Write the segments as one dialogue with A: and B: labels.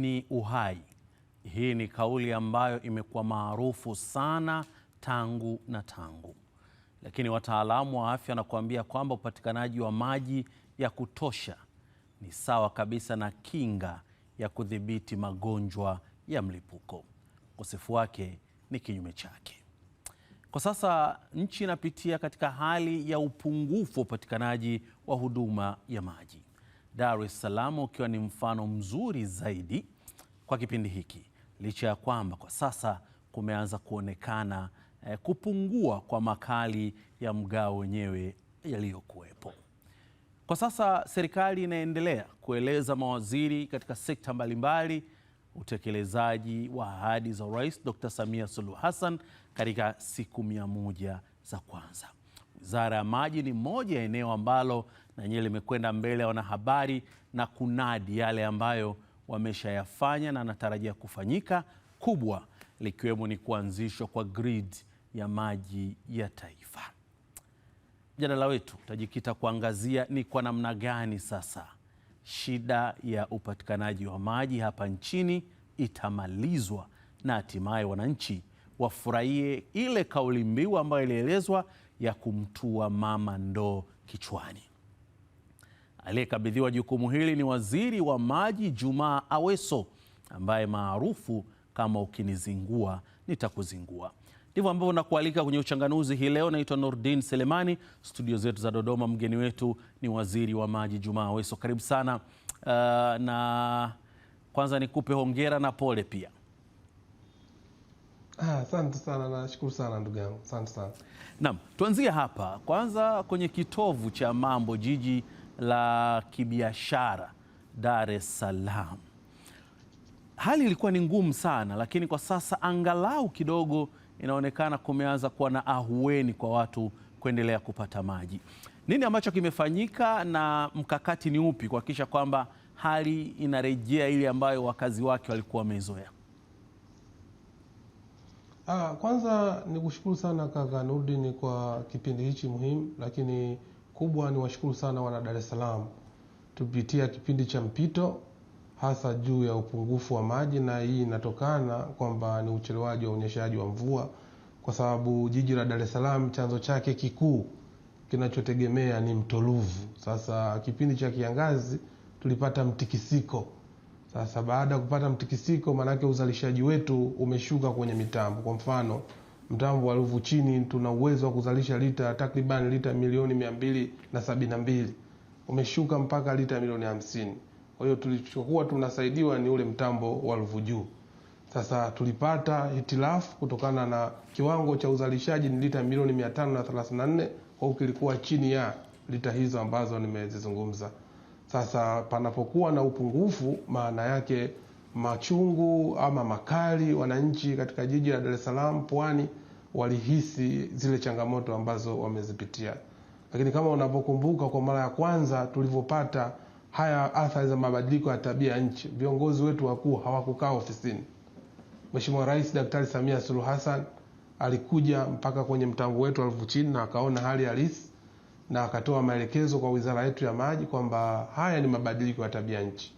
A: Ni uhai. Hii ni kauli ambayo imekuwa maarufu sana tangu na tangu, lakini wataalamu wa afya wanakuambia kwamba upatikanaji wa maji ya kutosha ni sawa kabisa na kinga ya kudhibiti magonjwa ya mlipuko. Ukosefu wake ni kinyume chake. Kwa sasa nchi inapitia katika hali ya upungufu wa upatikanaji wa huduma ya maji. Dar es Salaam ukiwa ni mfano mzuri zaidi kwa kipindi hiki, licha ya kwamba kwa sasa kumeanza kuonekana eh, kupungua kwa makali ya mgao wenyewe yaliyokuwepo. Kwa sasa serikali inaendelea kueleza mawaziri katika sekta mbalimbali utekelezaji wa ahadi za Rais Dr. Samia Suluhu Hassan katika siku mia moja za kwanza. Wizara ya Maji ni moja ya eneo ambalo na yenyewe limekwenda mbele ya wanahabari na kunadi yale ambayo wameshayafanya na anatarajia kufanyika kubwa, likiwemo ni kuanzishwa kwa grid ya maji ya taifa. Mjadala wetu utajikita kuangazia ni kwa namna gani sasa shida ya upatikanaji wa maji hapa nchini itamalizwa na hatimaye wananchi wafurahie ile kauli mbiu ambayo ilielezwa ya kumtua mama ndoo kichwani. Aliyekabidhiwa jukumu hili ni waziri wa maji Jumaa Aweso ambaye maarufu kama ukinizingua nitakuzingua. Ndivyo ambavyo nakualika kwenye Uchanganuzi hii leo. Naitwa Nordin Selemani, studio zetu za Dodoma. Mgeni wetu ni waziri wa maji Jumaa Aweso, karibu sana. Uh, na kwanza nikupe hongera na pole pia.
B: Ah, asante ah, sana, nashukuru sana ndugu yangu, asante sana.
A: Naam, tuanzie hapa kwanza kwenye kitovu cha mambo jiji la kibiashara Dar es Salaam. Hali ilikuwa ni ngumu sana, lakini kwa sasa angalau kidogo inaonekana kumeanza kuwa na ahueni kwa watu kuendelea kupata maji. Nini ambacho kimefanyika na mkakati ni upi kuhakikisha kwamba hali inarejea ile ambayo wakazi wake walikuwa wamezoea?
B: Ah, kwanza ni kushukuru sana kaka Nurdin kwa kipindi hichi muhimu, lakini kubwa ni washukuru sana wana Dar es Salaam, tupitia kipindi cha mpito hasa juu ya upungufu wa maji, na hii inatokana kwamba ni uchelewaji wa unyeshaji wa mvua, kwa sababu jiji la Dar es Salaam chanzo chake kikuu kinachotegemea ni mto Ruvu. Sasa kipindi cha kiangazi tulipata mtikisiko. Sasa baada ya kupata mtikisiko, maanake uzalishaji wetu umeshuka kwenye mitambo, kwa mfano mtambo wa Ruvu chini tuna uwezo wa kuzalisha lita takriban lita milioni mia mbili na sabini na mbili umeshuka mpaka lita milioni hamsini. Kwa hiyo tulichokuwa tunasaidiwa ni ule mtambo wa Ruvu juu. Sasa tulipata hitilafu kutokana na kiwango cha uzalishaji ni lita milioni mia tano na thelathini na nne kwa hiyo kilikuwa chini ya lita hizo ambazo nimezizungumza. Sasa panapokuwa na upungufu, maana yake machungu ama makali, wananchi katika jiji la Dar es Salaam, Pwani, walihisi zile changamoto ambazo wamezipitia. Lakini kama unavyokumbuka, kwa mara ya kwanza tulivyopata haya athari za mabadiliko ya tabia nchi, viongozi wetu wakuu hawakukaa ofisini. Mheshimiwa Rais Daktari Samia Suluhu Hassan alikuja mpaka kwenye mtambo wetu wa chini na akaona hali halisi na akatoa maelekezo kwa wizara yetu ya maji kwamba haya ni mabadiliko ya tabia nchi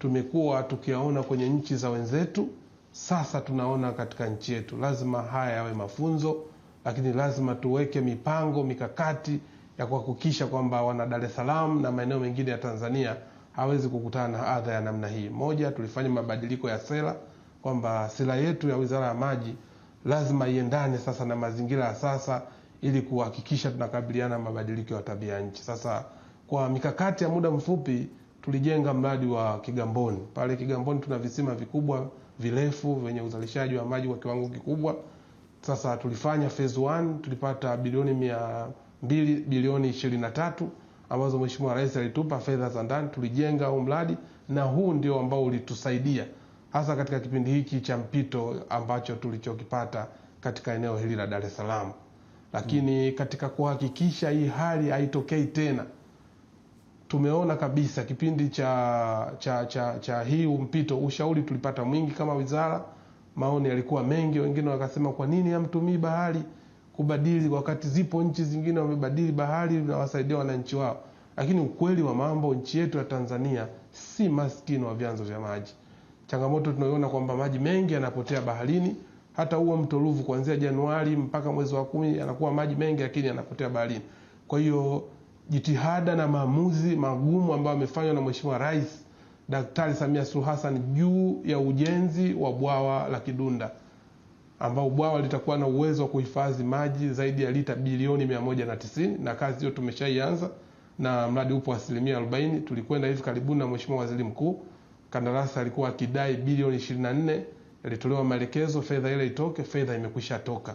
B: tumekuwa tukiyaona kwenye nchi za wenzetu, sasa tunaona katika nchi yetu. Lazima haya yawe mafunzo, lakini lazima tuweke mipango mikakati ya kuhakikisha kwamba wana Dar es Salaam na maeneo mengine ya Tanzania hawezi kukutana na adha ya namna hii. Moja, tulifanya mabadiliko ya sera kwamba sera yetu ya Wizara ya Maji lazima iendane sasa na mazingira ya sasa ili kuhakikisha tunakabiliana na mabadiliko ya tabia nchi. Sasa kwa mikakati ya muda mfupi tulijenga mradi wa Kigamboni. Pale Kigamboni tuna visima vikubwa virefu vyenye uzalishaji wa maji kwa kiwango kikubwa. Sasa tulifanya phase 1 tulipata bilioni mia mbili bilioni ishirini na tatu ambazo Mheshimiwa Rais alitupa fedha za ndani, tulijenga huu mradi na huu ndio ambao ulitusaidia hasa katika kipindi hiki cha mpito ambacho tulichokipata katika eneo hili la Dar es Salaam, lakini katika kuhakikisha hii hali haitokei tena tumeona kabisa kipindi cha, cha, cha, cha hii mpito, ushauri tulipata mwingi kama wizara, maoni yalikuwa mengi. Wengine wakasema kwa nini hamtumii bahari kubadili, wakati zipo nchi zingine wamebadili bahari na wasaidia wananchi wao. Lakini ukweli wa mambo, nchi yetu ya Tanzania si maskini wa vyanzo vya maji. Changamoto tunaiona kwamba maji mengi yanapotea baharini. Hata huo mto Ruvu kuanzia Januari mpaka mwezi wa kumi anakuwa maji mengi, lakini yanapotea baharini. Kwa hiyo jitihada na maamuzi magumu ambayo amefanywa na Mheshimiwa Rais Daktari Samia Suluhu Hassan juu ya ujenzi wa bwawa la Kidunda ambao bwawa litakuwa na uwezo wa kuhifadhi maji zaidi ya lita bilioni 190 na kazi hiyo tumeshaianza na mradi upo asilimia 40. Tulikwenda hivi karibuni na Mheshimiwa Waziri Mkuu, kandarasi alikuwa akidai bilioni 24, yalitolewa maelekezo fedha ile itoke, fedha imekwisha toka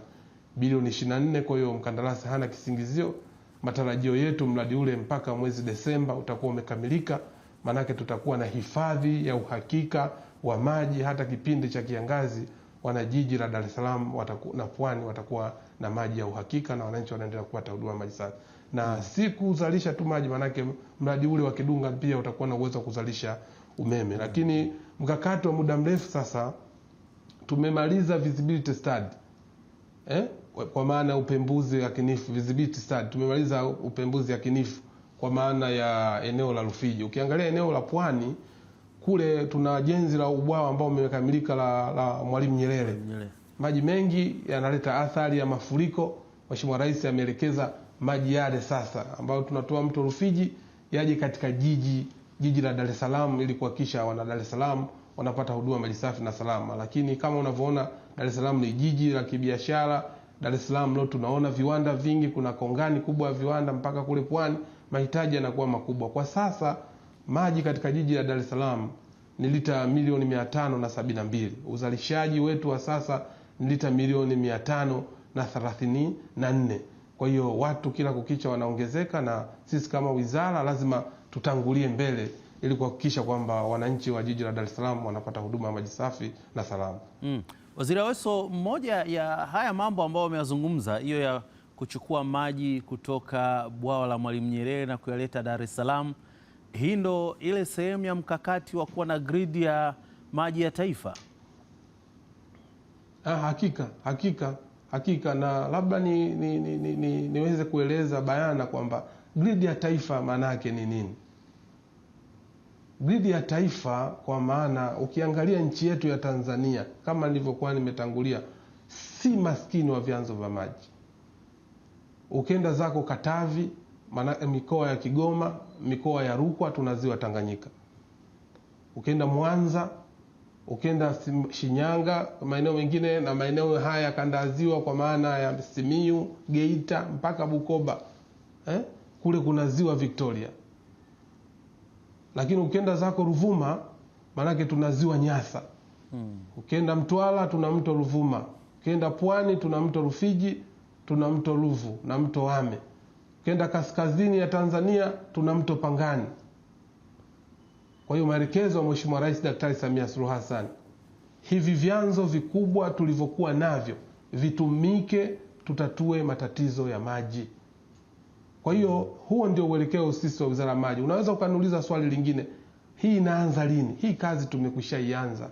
B: bilioni 24. Kwa hiyo mkandarasi hana kisingizio matarajio yetu mradi ule mpaka mwezi Desemba utakuwa umekamilika, maanake tutakuwa na hifadhi ya uhakika wa maji hata kipindi cha kiangazi wanajiji la Dar es Salaam na Pwani watakuwa na maji ya uhakika na wananchi wanaendelea kupata huduma maji safi na hmm, si kuzalisha tu maji, maanake mradi ule wa Kidunga pia utakuwa na uwezo wa kuzalisha umeme, hmm. lakini mkakati wa muda mrefu sasa tumemaliza visibility study eh? kwa maana upembuzi yakinifu vidhibiti stadi. Tumemaliza upembuzi yakinifu kwa maana ya eneo la Rufiji. Ukiangalia eneo la Pwani kule tuna jenzi la ubwawa ambao umekamilika la, la Mwalimu Nyerere. Maji mengi yanaleta athari ya mafuriko. Mheshimiwa Rais ameelekeza maji yale sasa ambayo tunatoa mto Rufiji yaje katika jiji jiji la Dar es Salaam ili kuhakikisha wana Dar es Salaam wanapata huduma maji safi na salama. Lakini kama unavyoona Dar es Salaam ni jiji la kibiashara Dar es Salaam leo tunaona viwanda vingi, kuna kongani kubwa ya viwanda mpaka kule pwani, mahitaji yanakuwa makubwa. Kwa sasa maji katika jiji la Dar es Salaam ni lita milioni mia tano na sabini na mbili. Uzalishaji wetu wa sasa ni lita milioni mia tano na thelathini na nne. Kwa hiyo watu kila kukicha wanaongezeka, na sisi kama wizara lazima tutangulie mbele ili kuhakikisha kwamba wananchi wa jiji la Dar es Salaam wanapata huduma ya maji safi na salama. Mm.
A: Waziri Aweso, moja ya haya mambo ambayo ameyazungumza hiyo ya kuchukua maji kutoka bwawa la Mwalimu Nyerere na kuyaleta Dar es Salaam, hii ndo ile sehemu ya mkakati wa kuwa na gridi ya maji ya taifa.
B: Ah, hakika hakika hakika, na labda niweze ni, ni, ni, ni, kueleza bayana kwamba gridi ya taifa maana yake ni nini? dhidi ya taifa, kwa maana ukiangalia nchi yetu ya Tanzania kama nilivyokuwa nimetangulia, si maskini wa vyanzo vya maji. Ukenda zako Katavi, maana eh, mikoa ya Kigoma, mikoa ya Rukwa tuna ziwa Tanganyika, ukenda Mwanza, ukenda Shinyanga, maeneo mengine na maeneo haya kandaziwa, kwa maana ya Simiyu, Geita mpaka Bukoba eh? kule kuna ziwa Victoria lakini ukienda zako Ruvuma maanake tuna ziwa Nyasa hmm. Ukienda Mtwara tuna mto Ruvuma, ukienda Pwani tuna mto Rufiji, tuna mto Ruvu na mto Wame, ukienda kaskazini ya Tanzania tuna mto Pangani. Kwa hiyo maelekezo ya Mheshimiwa Rais Daktari Samia Suluhu Hassan, hivi vyanzo vikubwa tulivyokuwa navyo vitumike, tutatue matatizo ya maji. Kwa hiyo huo ndio uelekeo sisi wa Wizara ya Maji. Unaweza ukaniuliza swali lingine, hii inaanza lini? Hii kazi tumekwishaianza.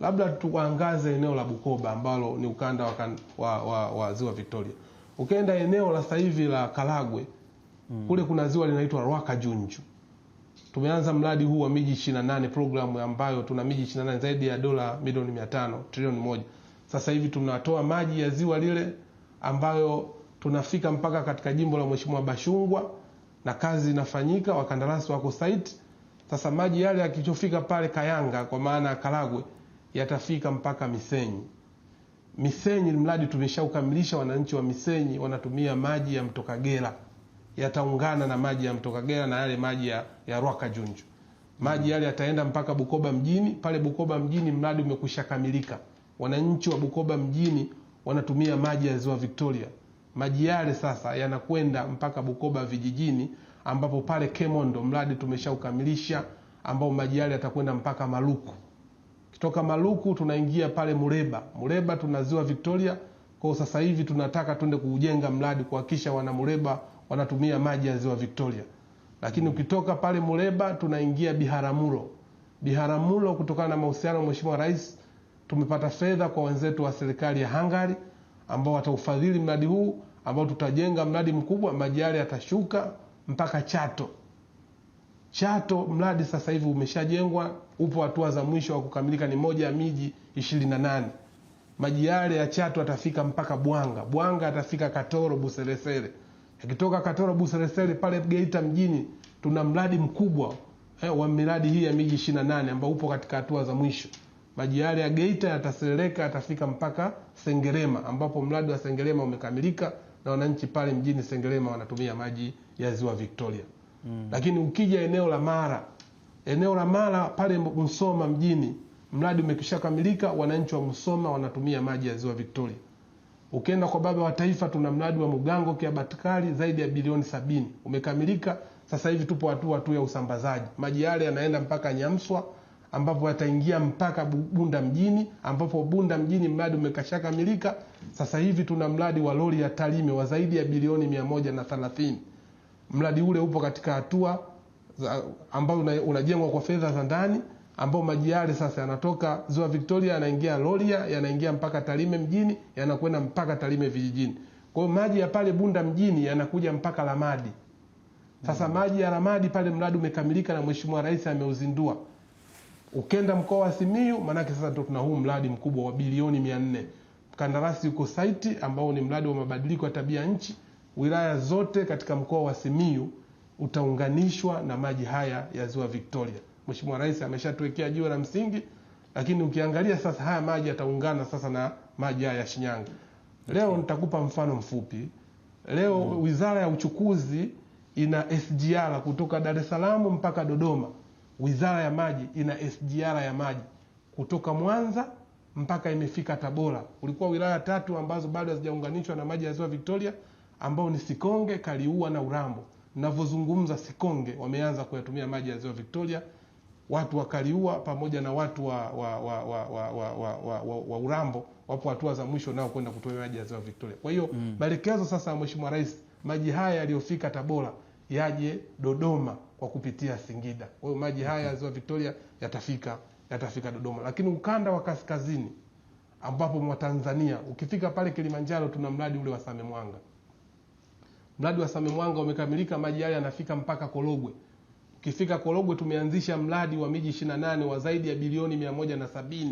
B: Labda tuangaze eneo la Bukoba ambalo ni ukanda wa, wa, wa, wa ziwa Victoria. Ukienda eneo la sasa hivi la Karagwe mm. kule kuna ziwa linaitwa Rwakajunju. Tumeanza mradi huu wa miji 28 programu ambayo tuna miji 28 zaidi ya dola milioni 500 trilioni moja. Sasa hivi tunatoa maji ya ziwa lile ambayo tunafika mpaka katika jimbo la Mheshimiwa Bashungwa na kazi inafanyika, wakandarasi wako site. Sasa maji yale yakichofika pale Kayanga kwa maana ya Karagwe yatafika mpaka Misenyi. Misenyi mradi tumeshaukamilisha, wananchi wa Misenyi wanatumia maji ya mto Kagera, yataungana na maji ya mto Kagera na yale maji ya, ya Rwaka Junju. Maji yale yataenda mpaka Bukoba mjini. Pale Bukoba mjini mradi umekushakamilika, wananchi wa Bukoba mjini wanatumia maji ya Ziwa Victoria maji yale sasa yanakwenda mpaka Bukoba vijijini, ambapo pale Kemondo mradi tumeshaukamilisha ambao maji yale yatakwenda mpaka Maluku. Kitoka Maluku tunaingia pale Muleba. Muleba tuna ziwa Victoria, kwa sasa hivi tunataka twende kujenga mradi kuhakikisha wana Muleba wanatumia maji ya ziwa Victoria. Lakini ukitoka pale Muleba tunaingia Biharamulo. Biharamulo, kutokana na mahusiano Mheshimiwa Rais, tumepata fedha kwa wenzetu wa serikali ya Hungary ambao wataufadhili mradi huu ambao tutajenga mradi mkubwa, majari atashuka mpaka Chato. Chato mradi sasa hivi umeshajengwa, upo hatua za mwisho wa kukamilika, ni moja ya miji nane Maji yale ya Chato atafika mpaka Bwanga, Bwanga atafika Katoro Buseresere, akitoka Katoro Buseresere pale Geita mjini tuna mradi mkubwa eh, wa miradi hii ya miji nane ambao upo katika hatua za mwisho. Maji yale ya Geita yataserereka, atafika mpaka Sengerema ambapo mradi wa Sengerema umekamilika na wananchi pale mjini Sengerema wanatumia maji ya ziwa Victoria mm. Lakini ukija eneo la Mara, eneo la Mara pale Musoma mjini, mradi umekishakamilika, wananchi wa Musoma wanatumia maji ya ziwa Victoria. Ukienda kwa baba wa taifa, tuna mradi wa Mugango Kiabatikali zaidi ya bilioni sabini umekamilika. Sasa hivi tupo hatua tu ya usambazaji, maji yale yanaenda mpaka Nyamswa ambapo wataingia mpaka Bunda mjini, ambapo Bunda mjini mradi umekashakamilika. Sasa hivi tuna mradi wa lori ya Tarime wa zaidi ya bilioni mia moja na thelathini. Mradi ule upo katika hatua ambao unajengwa kwa fedha za ndani, ambao maji yale sasa yanatoka Ziwa Victoria yanaingia Loria, yanaingia mpaka Tarime mjini, yanakwenda mpaka Tarime vijijini. Kwa hiyo maji ya pale Bunda mjini yanakuja mpaka Lamadi. Sasa mm. maji ya Lamadi pale mradi umekamilika na Mheshimiwa Rais ameuzindua. Ukenda mkoa wa Simiyu, maanake sasa ndio tuna huu mradi mkubwa wa bilioni 400. Mkandarasi yuko site ambao ni mradi wa mabadiliko ya tabia nchi. Wilaya zote katika mkoa wa Simiyu utaunganishwa na maji haya ya Ziwa Victoria. Mheshimiwa Rais ameshatuwekea jiwe la msingi, lakini ukiangalia sasa haya maji yataungana sasa na maji haya ya Shinyanga. Leo nitakupa mfano mfupi. Leo mm. Wizara ya Uchukuzi ina SGR kutoka Dar es Salaam mpaka Dodoma Wizara ya Maji ina SGR ya maji kutoka Mwanza mpaka imefika Tabora. ulikuwa wilaya tatu ambazo bado hazijaunganishwa na maji ya Ziwa Victoria ambao ni Sikonge, Kaliua na Urambo. Ninavyozungumza Sikonge wameanza kuyatumia maji ya Ziwa Victoria, watu wa Kaliua pamoja na watu wa, wa, wa, wa, wa, wa, wa, wa, wa Urambo wapo hatua za mwisho nao kwenda kutumia maji ya Ziwa Victoria. Kwa hiyo mm, maelekezo sasa ya Mheshimiwa Rais, maji haya yaliyofika Tabora yaje Dodoma kwa kupitia Singida. Kwa hiyo maji haya ya Ziwa Victoria yatafika yatafika Dodoma, lakini ukanda wa kaskazini ambapo mwa Tanzania ukifika pale Kilimanjaro tuna mradi ule wa Same Mwanga. Mradi wa Same Mwanga umekamilika, maji yale yanafika mpaka Korogwe. Ukifika Korogwe tumeanzisha mradi wa miji 28 wa zaidi ya bilioni 170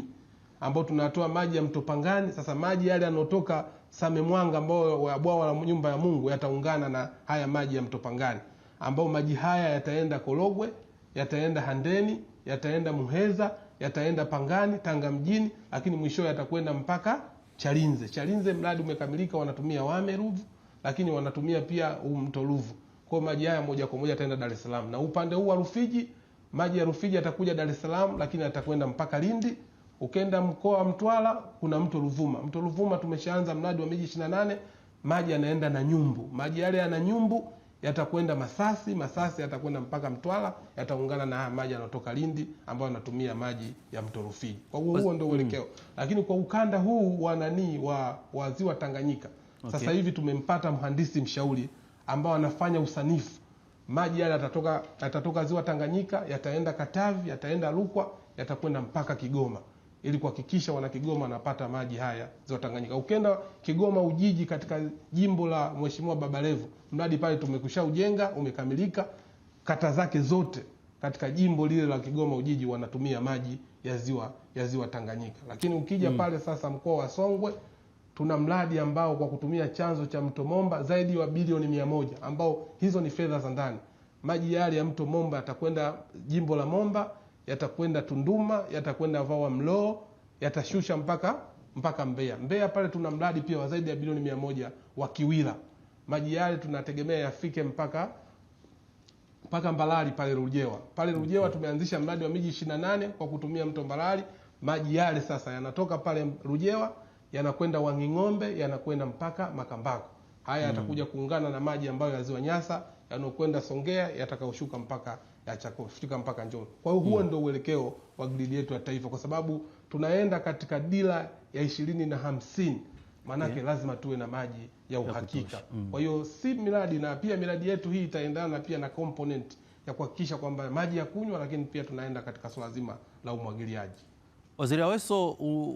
B: ambao tunatoa maji ya mto Pangani. Sasa maji yale yanayotoka Same Mwanga, ambao ya bwawa la nyumba ya Mungu, yataungana na haya maji ya mto Pangani, ambao maji haya yataenda Korogwe, yataenda Handeni, yataenda Muheza, yataenda Pangani, Tanga mjini, lakini mwisho yatakwenda mpaka Chalinze. Chalinze mradi umekamilika, wanatumia Wame Ruvu, lakini wanatumia pia huu mto Ruvu. Kwa maji haya moja kwa moja yataenda Dar es Salaam, na upande huu wa Rufiji, maji ya Rufiji yatakuja Dar es Salaam, lakini yatakwenda mpaka Lindi Ukenda mkoa wa Mtwara kuna mto Ruvuma. Mto Ruvuma tumeshaanza mradi wa miji 28, maji yanaenda na nyumbu. Maji yale yana nyumbu yatakwenda Masasi, Masasi yatakwenda mpaka Mtwara, yataungana na maji yanayotoka Lindi ambayo yanatumia maji ya mto Rufiji. Kwa hiyo huo ndio mm. uelekeo. Mm. Lakini kwa ukanda huu wa nani wa waziwa Tanganyika. Okay. Sasa hivi tumempata mhandisi mshauri ambao anafanya usanifu. Maji yale yatatoka yatatoka Ziwa Tanganyika, yataenda Katavi, yataenda Rukwa, yatakwenda mpaka Kigoma ili kuhakikisha wana Kigoma wanapata maji haya ziwa Tanganyika. Ukenda Kigoma Ujiji, katika jimbo la Mheshimiwa Babalevu, mradi pale tumekusha ujenga umekamilika, kata zake zote katika jimbo lile la Kigoma Ujiji wanatumia maji ya ziwa ya ziwa Tanganyika. Lakini ukija hmm, pale sasa mkoa wa Songwe tuna mradi ambao kwa kutumia chanzo cha mto Momba zaidi ya bilioni mia moja ambao hizo ni fedha za ndani. Maji yale ya mto Momba yatakwenda jimbo la Momba yatakwenda Tunduma, yatakwenda Vawa Mloo, yatashusha mpaka mpaka Mbeya. Mbeya pale tuna mradi pia wa zaidi ya bilioni mia moja wa Kiwira. Maji yale tunategemea yafike mpaka mpaka Mbalali pale Rujewa. Pale Rujewa tumeanzisha mradi wa miji 28 kwa kutumia mto Mbalali. Maji yale sasa yanatoka pale Rujewa yanakwenda Wanging'ombe, yanakwenda mpaka Makambako. Haya yatakuja mm. kuungana na maji ambayo ya Ziwa Nyasa yanokwenda Songea yatakaoshuka mpaka acha kufika mpaka Njombe. Kwa hiyo huo mm. ndio uelekeo wa gridi yetu ya taifa, kwa sababu tunaenda katika dira ya ishirini na hamsini maanake yeah. lazima tuwe na maji ya uhakika mm. kwa hiyo si miradi na pia miradi yetu hii itaendana pia na component ya kuhakikisha kwamba maji ya kunywa, lakini pia tunaenda katika swala zima la umwagiliaji.
A: Waziri Aweso,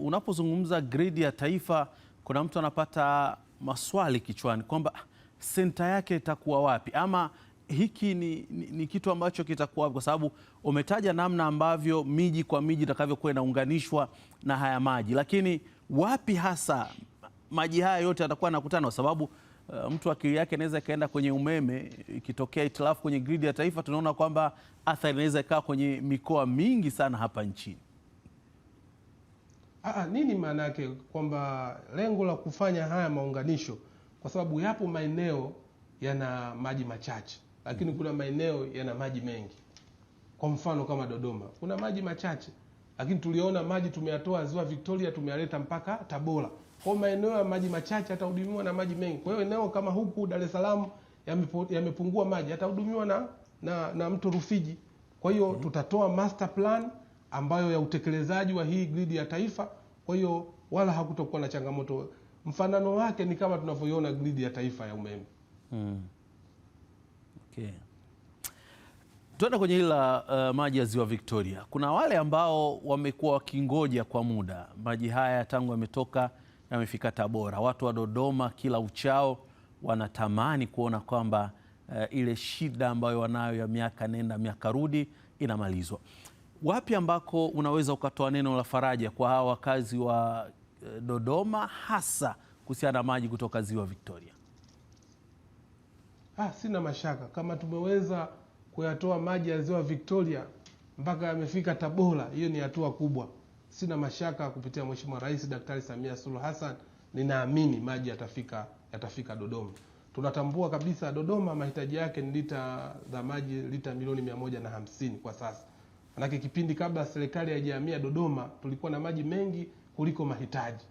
A: unapozungumza gridi ya taifa, kuna mtu anapata maswali kichwani kwamba ah, senta yake itakuwa wapi ama hiki ni, ni, ni kitu ambacho kitakuwa kwa sababu umetaja namna ambavyo miji kwa miji itakavyokuwa inaunganishwa na haya maji, lakini wapi hasa maji haya yote yatakuwa yanakutana? Kwa sababu uh, mtu akili yake inaweza ikaenda kwenye umeme, ikitokea itilafu kwenye gridi ya taifa, tunaona kwamba athari inaweza ikaa kwenye mikoa mingi sana hapa nchini.
B: Aa, ah, ah, nini maana yake kwamba lengo la kufanya haya maunganisho, kwa sababu yapo maeneo yana maji machache lakini kuna maeneo yana maji mengi. Kwa mfano kama Dodoma kuna maji machache, lakini tuliona maji tumeyatoa ziwa Victoria tumeyaleta mpaka Tabora. Kwa maeneo ya maji machache yatahudumiwa na maji mengi. Kwa hiyo eneo kama huku Dar es Salaam yamepungua maji atahudumiwa na, na, na mto Rufiji. Kwa hiyo mm -hmm. tutatoa master plan ambayo ya utekelezaji wa hii gridi ya taifa. Kwa hiyo wala hakutokuwa na changamoto. Mfanano wake ni kama tunavyoiona gridi ya taifa ya umeme mm.
A: Okay. Tuenda kwenye hili la uh, maji ya Ziwa Victoria. Kuna wale ambao wamekuwa wakingoja kwa muda maji haya tangu yametoka yamefika Tabora. Watu wa Dodoma kila uchao wanatamani kuona kwamba uh, ile shida ambayo wanayo ya miaka nenda miaka rudi inamalizwa. Wapi ambako unaweza ukatoa neno la faraja kwa hawa wakazi wa uh, Dodoma hasa kuhusiana na maji kutoka Ziwa Victoria?
B: Ah, sina mashaka kama tumeweza kuyatoa maji ya ziwa Victoria mpaka yamefika Tabora, hiyo ni hatua kubwa. Sina mashaka kupitia Mheshimiwa Rais Daktari Samia Suluhu Hassan, ninaamini maji yatafika yatafika Dodoma. Tunatambua kabisa Dodoma mahitaji yake ni lita za maji lita milioni mia moja na hamsini kwa sasa, manake kipindi kabla serikali haijahamia Dodoma tulikuwa na maji mengi kuliko mahitaji.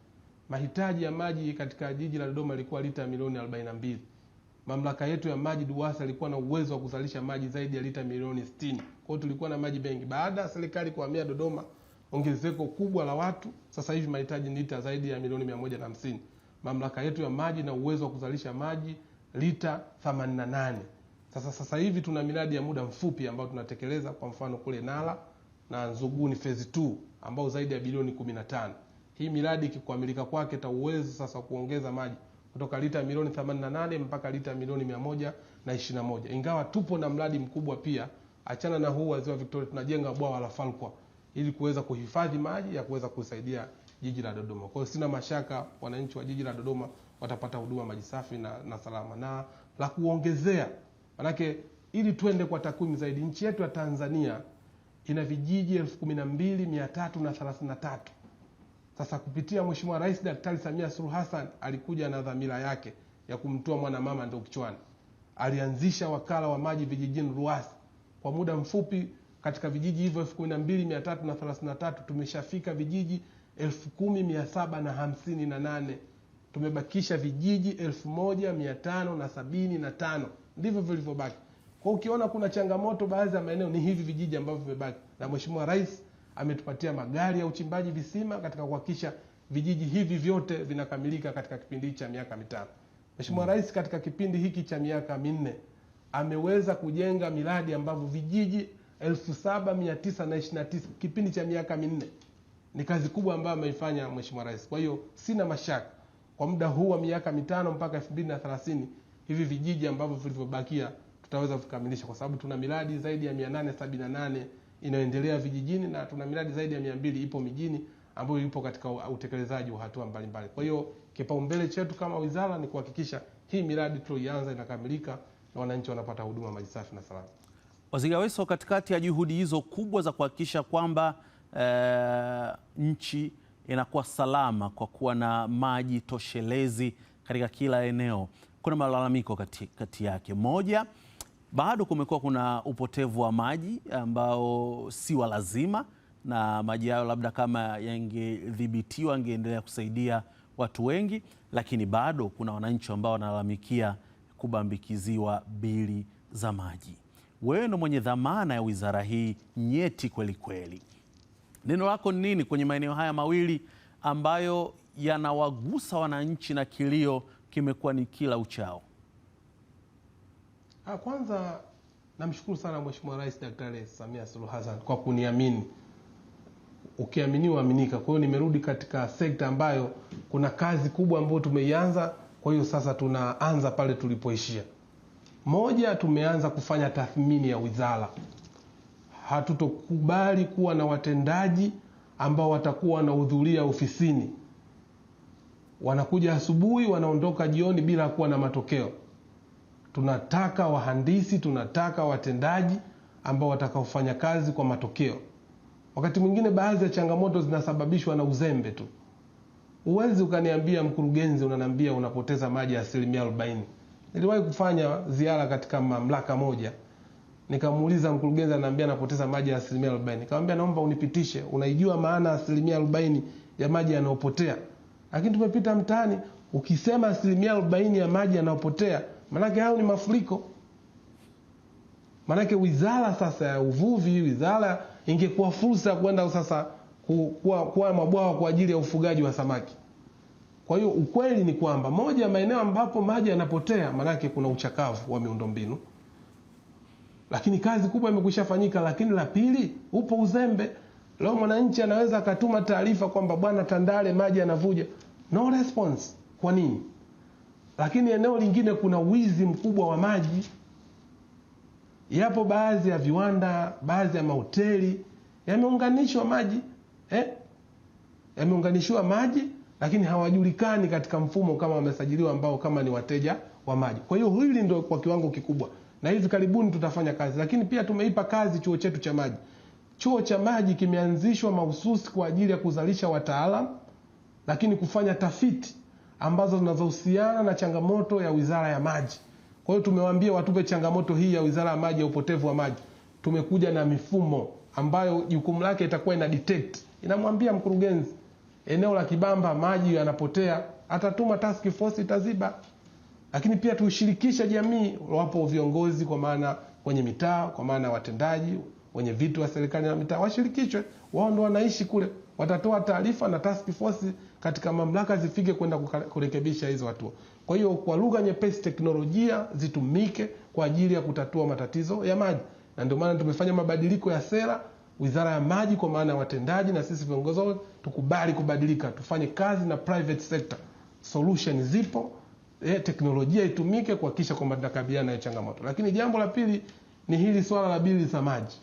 B: Mahitaji ya maji katika jiji la Dodoma ilikuwa lita milioni 42 mamlaka yetu ya maji DUWASA ilikuwa na uwezo wa kuzalisha maji zaidi ya lita milioni 60. Kwa tulikuwa na maji mengi. Baada ya serikali kuhamia Dodoma, ongezeko kubwa la watu, sasa hivi mahitaji ni lita zaidi ya milioni 150. Mamlaka yetu ya maji na uwezo wa kuzalisha maji lita 88. Sasa sasa hivi tuna miradi ya muda mfupi ambayo tunatekeleza, kwa mfano kule Nala na Nzuguni phase 2 ambao zaidi ya bilioni 15. Hii miradi ikikamilika kwake uwezo sasa kuongeza maji kutoka lita milioni 88 mpaka lita milioni 121, ingawa tupo na mradi mkubwa pia. Achana na huu wa ziwa Victoria, tunajenga bwawa la Falkwa ili kuweza kuhifadhi maji ya kuweza kusaidia jiji la Dodoma. Kwa hiyo sina mashaka wananchi wa jiji la Dodoma watapata huduma maji safi na, na salama. Na la kuongezea, manake ili tuende kwa takwimu zaidi, nchi yetu ya Tanzania ina vijiji 12333 sasa kupitia Mheshimiwa Rais Daktari Samia Suluhu Hassan alikuja na dhamira yake ya kumtoa mwanamama ndo kichwani. Alianzisha wakala wa maji vijijini RUWASA. Kwa muda mfupi katika vijiji hivyo tatu tumeshafika vijiji nane tumebakisha vijiji tano ndivyo vilivyobaki. Kwa ukiona kuna changamoto baadhi ya maeneo, ni hivi vijiji ambavyo vimebaki, na Mheshimiwa Rais ametupatia magari ya uchimbaji visima katika kuhakikisha vijiji hivi vyote vinakamilika katika kipindi cha miaka mitano. Mheshimiwa mm. Rais katika kipindi hiki cha miaka minne ameweza kujenga miradi ambavyo vijiji 7929 kipindi cha miaka minne. Ni kazi kubwa ambayo ameifanya Mheshimiwa Rais. Kwa hiyo sina mashaka kwa muda huu wa miaka mitano mpaka 2030 hivi vijiji ambavyo vilivyobakia tutaweza kukamilisha kwa sababu tuna miradi zaidi ya 878 inaendelea vijijini na tuna miradi zaidi ya mia mbili ipo mijini ambayo ipo katika utekelezaji wa hatua mbalimbali. Kwa hiyo kipaumbele chetu kama wizara ni kuhakikisha hii miradi tuliyoanza inakamilika na wananchi wanapata huduma maji safi na salama.
A: Waziri Aweso, katikati ya juhudi hizo kubwa za kuhakikisha kwamba e, nchi inakuwa salama kwa kuwa na maji toshelezi katika kila eneo, kuna malalamiko kati, kati yake moja bado kumekuwa kuna upotevu wa maji ambao si wa lazima, na maji hayo labda kama yangedhibitiwa angeendelea kusaidia watu wengi, lakini bado kuna wananchi ambao wanalalamikia kubambikiziwa bili za maji. Wewe ndo mwenye dhamana ya wizara hii nyeti kweli kweli, neno lako ni nini kwenye maeneo haya mawili ambayo yanawagusa wananchi na kilio kimekuwa ni kila uchao?
B: Ha, ah, kwanza namshukuru sana Mheshimiwa Rais Daktari Samia Suluhu Hassan kwa kuniamini. Ukiaminiwa aminika. Kwa hiyo nimerudi katika sekta ambayo kuna kazi kubwa ambayo tumeianza, kwa hiyo sasa tunaanza pale tulipoishia. Moja, tumeanza kufanya tathmini ya wizara. Hatutokubali kuwa na watendaji ambao watakuwa wanahudhuria ofisini, wanakuja asubuhi, wanaondoka jioni bila kuwa na matokeo. Tunataka wahandisi, tunataka watendaji ambao watakaofanya kazi kwa matokeo. Wakati mwingine baadhi ya changamoto zinasababishwa na uzembe tu. Uwezi ukaniambia mkurugenzi, unaniambia unapoteza maji ya asilimia arobaini. Niliwahi kufanya ziara katika mamlaka moja, nikamuuliza mkurugenzi, ananiambia napoteza maji ya asilimia arobaini. Nikamwambia naomba unipitishe, unaijua maana asilimia arobaini ya maji yanayopotea? Lakini tumepita mtaani, ukisema asilimia arobaini ya maji yanayopotea Maanake hayo ni mafuriko. Maanake wizara sasa ya uvuvi, wizara ingekuwa fursa kwenda sasa kuwa, kuwa mabwawa kwa ajili ya ufugaji wa samaki. Kwa hiyo ukweli ni kwamba moja ya maeneo ambapo maji yanapotea, maanake kuna uchakavu wa miundombinu, lakini kazi kubwa imekwisha fanyika. Lakini la pili, upo uzembe. Leo mwananchi anaweza akatuma taarifa kwamba bwana, Tandale maji yanavuja, no response. Kwa nini? Lakini eneo lingine kuna wizi mkubwa wa maji. Yapo baadhi ya viwanda, baadhi ya mahoteli yameunganishwa maji eh? yameunganishiwa maji lakini hawajulikani katika mfumo kama wamesajiliwa ambao kama ni wateja wa maji. Kwa hiyo hili ndio kwa kiwango kikubwa, na hivi karibuni tutafanya kazi, lakini pia tumeipa kazi chuo chetu cha maji. Chuo cha maji kimeanzishwa mahususi kwa ajili ya kuzalisha wataalamu, lakini kufanya tafiti ambazo zinazohusiana na changamoto ya wizara ya maji. Kwa hiyo tumewaambia watupe changamoto hii ya wizara ya maji ya upotevu wa maji. Tumekuja na mifumo ambayo jukumu lake itakuwa ina detect, inamwambia mkurugenzi, eneo la Kibamba maji yanapotea, atatuma task force itaziba. Lakini pia tushirikishe jamii, wapo viongozi kwa maana wenye mitaa, kwa maana watendaji wenye vitu wa serikali na mitaa washirikishwe, wao ndo wanaishi kule watatoa taarifa na task force katika mamlaka zifike kwenda kurekebisha hizo hatua. Kwa hiyo kwa lugha nyepesi, teknolojia zitumike kwa ajili ya kutatua matatizo ya maji, na ndio maana tumefanya mabadiliko ya sera Wizara ya Maji, kwa maana ya watendaji na sisi viongozi tukubali kubadilika, tufanye kazi na private sector. Solution zipo eh, teknolojia itumike kuhakikisha kwamba tunakabiliana na changamoto. Lakini jambo la pili ni hili swala la bili za maji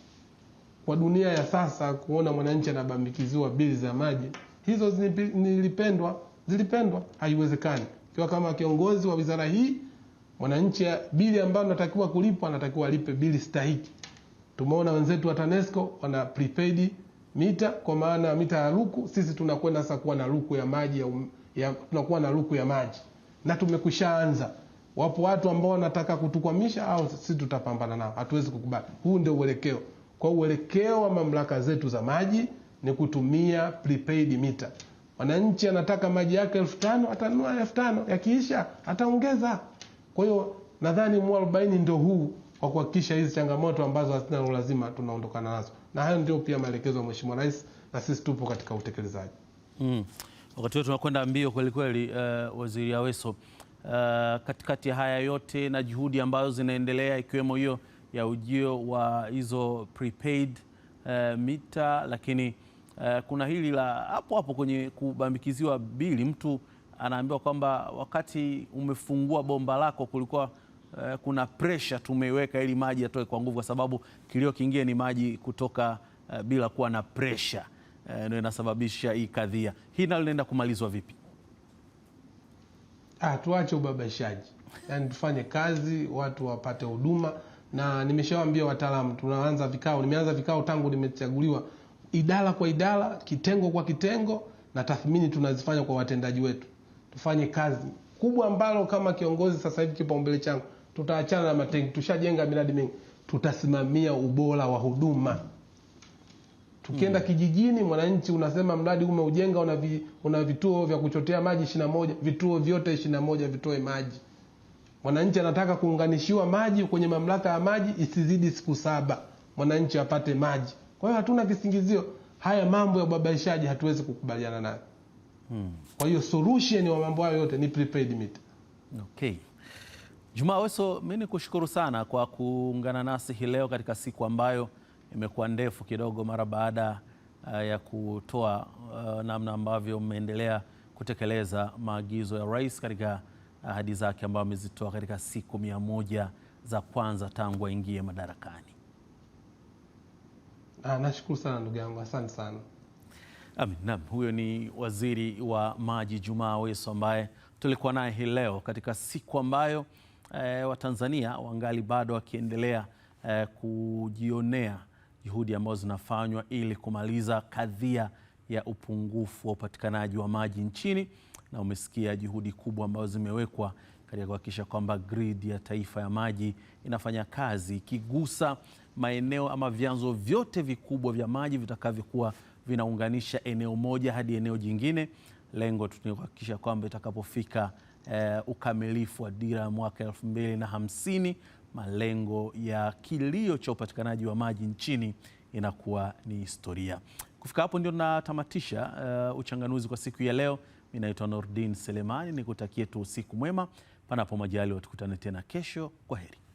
B: kwa dunia ya sasa kuona mwananchi anabambikiziwa bili za maji hizo zilipendwa, zilipendwa? Haiwezekani. Kiwa kama kiongozi wa wizara hii, mwananchi bili ambayo anatakiwa kulipwa anatakiwa alipe bili stahiki. Tumeona wenzetu wa TANESCO wana prepaid mita, kwa maana mita ya luku. Sisi tunakwenda sasa kuwa na luku ya maji ya, um, ya tunakuwa na ruku ya maji na tumekushaanza. Wapo watu ambao wanataka kutukwamisha, au sisi tutapambana nao, hatuwezi kukubali. Huu ndio uelekeo kwa uelekeo wa mamlaka zetu za maji ni kutumia prepaid mita. Wananchi anataka maji yake elfu tano atanunua elfu tano yakiisha ataongeza. Kwa hiyo nadhani mwarobaini ndio huu kwa kuhakikisha hizi changamoto ambazo hazina lazima tunaondokana nazo, na hayo ndio pia maelekezo ya Mheshimiwa Rais, na sisi tupo katika utekelezaji mm.
A: Wakati huo tunakwenda mbio kweli kweli, uh, Waziri Aweso, uh, katikati ya haya yote na juhudi ambazo zinaendelea ikiwemo hiyo ya ujio wa hizo prepaid uh, mita, lakini uh, kuna hili la hapo hapo kwenye kubambikiziwa bili. Mtu anaambiwa kwamba wakati umefungua bomba lako kulikuwa uh, kuna pressure tumeiweka ili maji yatoe kwa nguvu, kwa sababu kilio kingine ni maji kutoka uh, bila kuwa na pressure uh, ndio inasababisha hii kadhia. Hii nalo linaenda kumalizwa vipi?
B: Ah, tuache ubabaishaji, yani, tufanye kazi, watu wapate huduma na nimeshawaambia wataalamu, tunaanza vikao, nimeanza vikao tangu nimechaguliwa, idara kwa idara, kitengo kwa kitengo, na tathmini tunazifanya kwa watendaji wetu. Tufanye kazi kubwa ambalo kama kiongozi sasa hivi kipaumbele changu, tutaachana na matengi, tushajenga miradi mingi, tutasimamia ubora wa huduma. Tukienda hmm, kijijini, mwananchi unasema mradi umeujenga una, vi, una vituo vya kuchotea maji 21 vituo vyote 21 vitoe maji Mwananchi anataka kuunganishiwa maji kwenye mamlaka ya maji isizidi siku saba, mwananchi apate maji. Kwa hiyo hatuna kisingizio. Haya mambo ya ubabaishaji hatuwezi kukubaliana nayo. Hmm. Kwa hiyo solution wa mambo hayo yote ni prepaid meter.
A: Okay. Juma Aweso, mimi nikushukuru sana kwa kuungana nasi hii leo katika siku ambayo imekuwa ndefu kidogo mara baada uh, ya kutoa uh, namna ambavyo mmeendelea kutekeleza maagizo ya rais katika ahadi zake ambayo amezitoa katika siku mia moja za kwanza tangu aingie madarakani.
B: Ah, nashukuru sana ndugu yangu, asante sana.
A: Amin, naam, huyo ni waziri wa maji Jumaa Aweso ambaye tulikuwa naye hii leo katika siku ambayo e, Watanzania wangali bado wakiendelea e, kujionea juhudi ambazo zinafanywa ili kumaliza kadhia ya upungufu wa upatikanaji wa maji nchini na umesikia juhudi kubwa ambazo zimewekwa katika kuhakikisha kwamba grid ya taifa ya maji inafanya kazi ikigusa maeneo ama vyanzo vyote vikubwa vya maji vitakavyokuwa vinaunganisha eneo moja hadi eneo jingine. Lengo ni kuhakikisha kwamba itakapofika eh, ukamilifu wa dira ya mwaka elfu mbili na hamsini malengo ya kilio cha upatikanaji wa maji nchini inakuwa ni historia. Kufika hapo ndio natamatisha uh, uchanganuzi kwa siku ya leo inaitwa Nordin Selemani, nikutakie tu usiku mwema, panapo majali watukutane tena kesho. Kwa heri.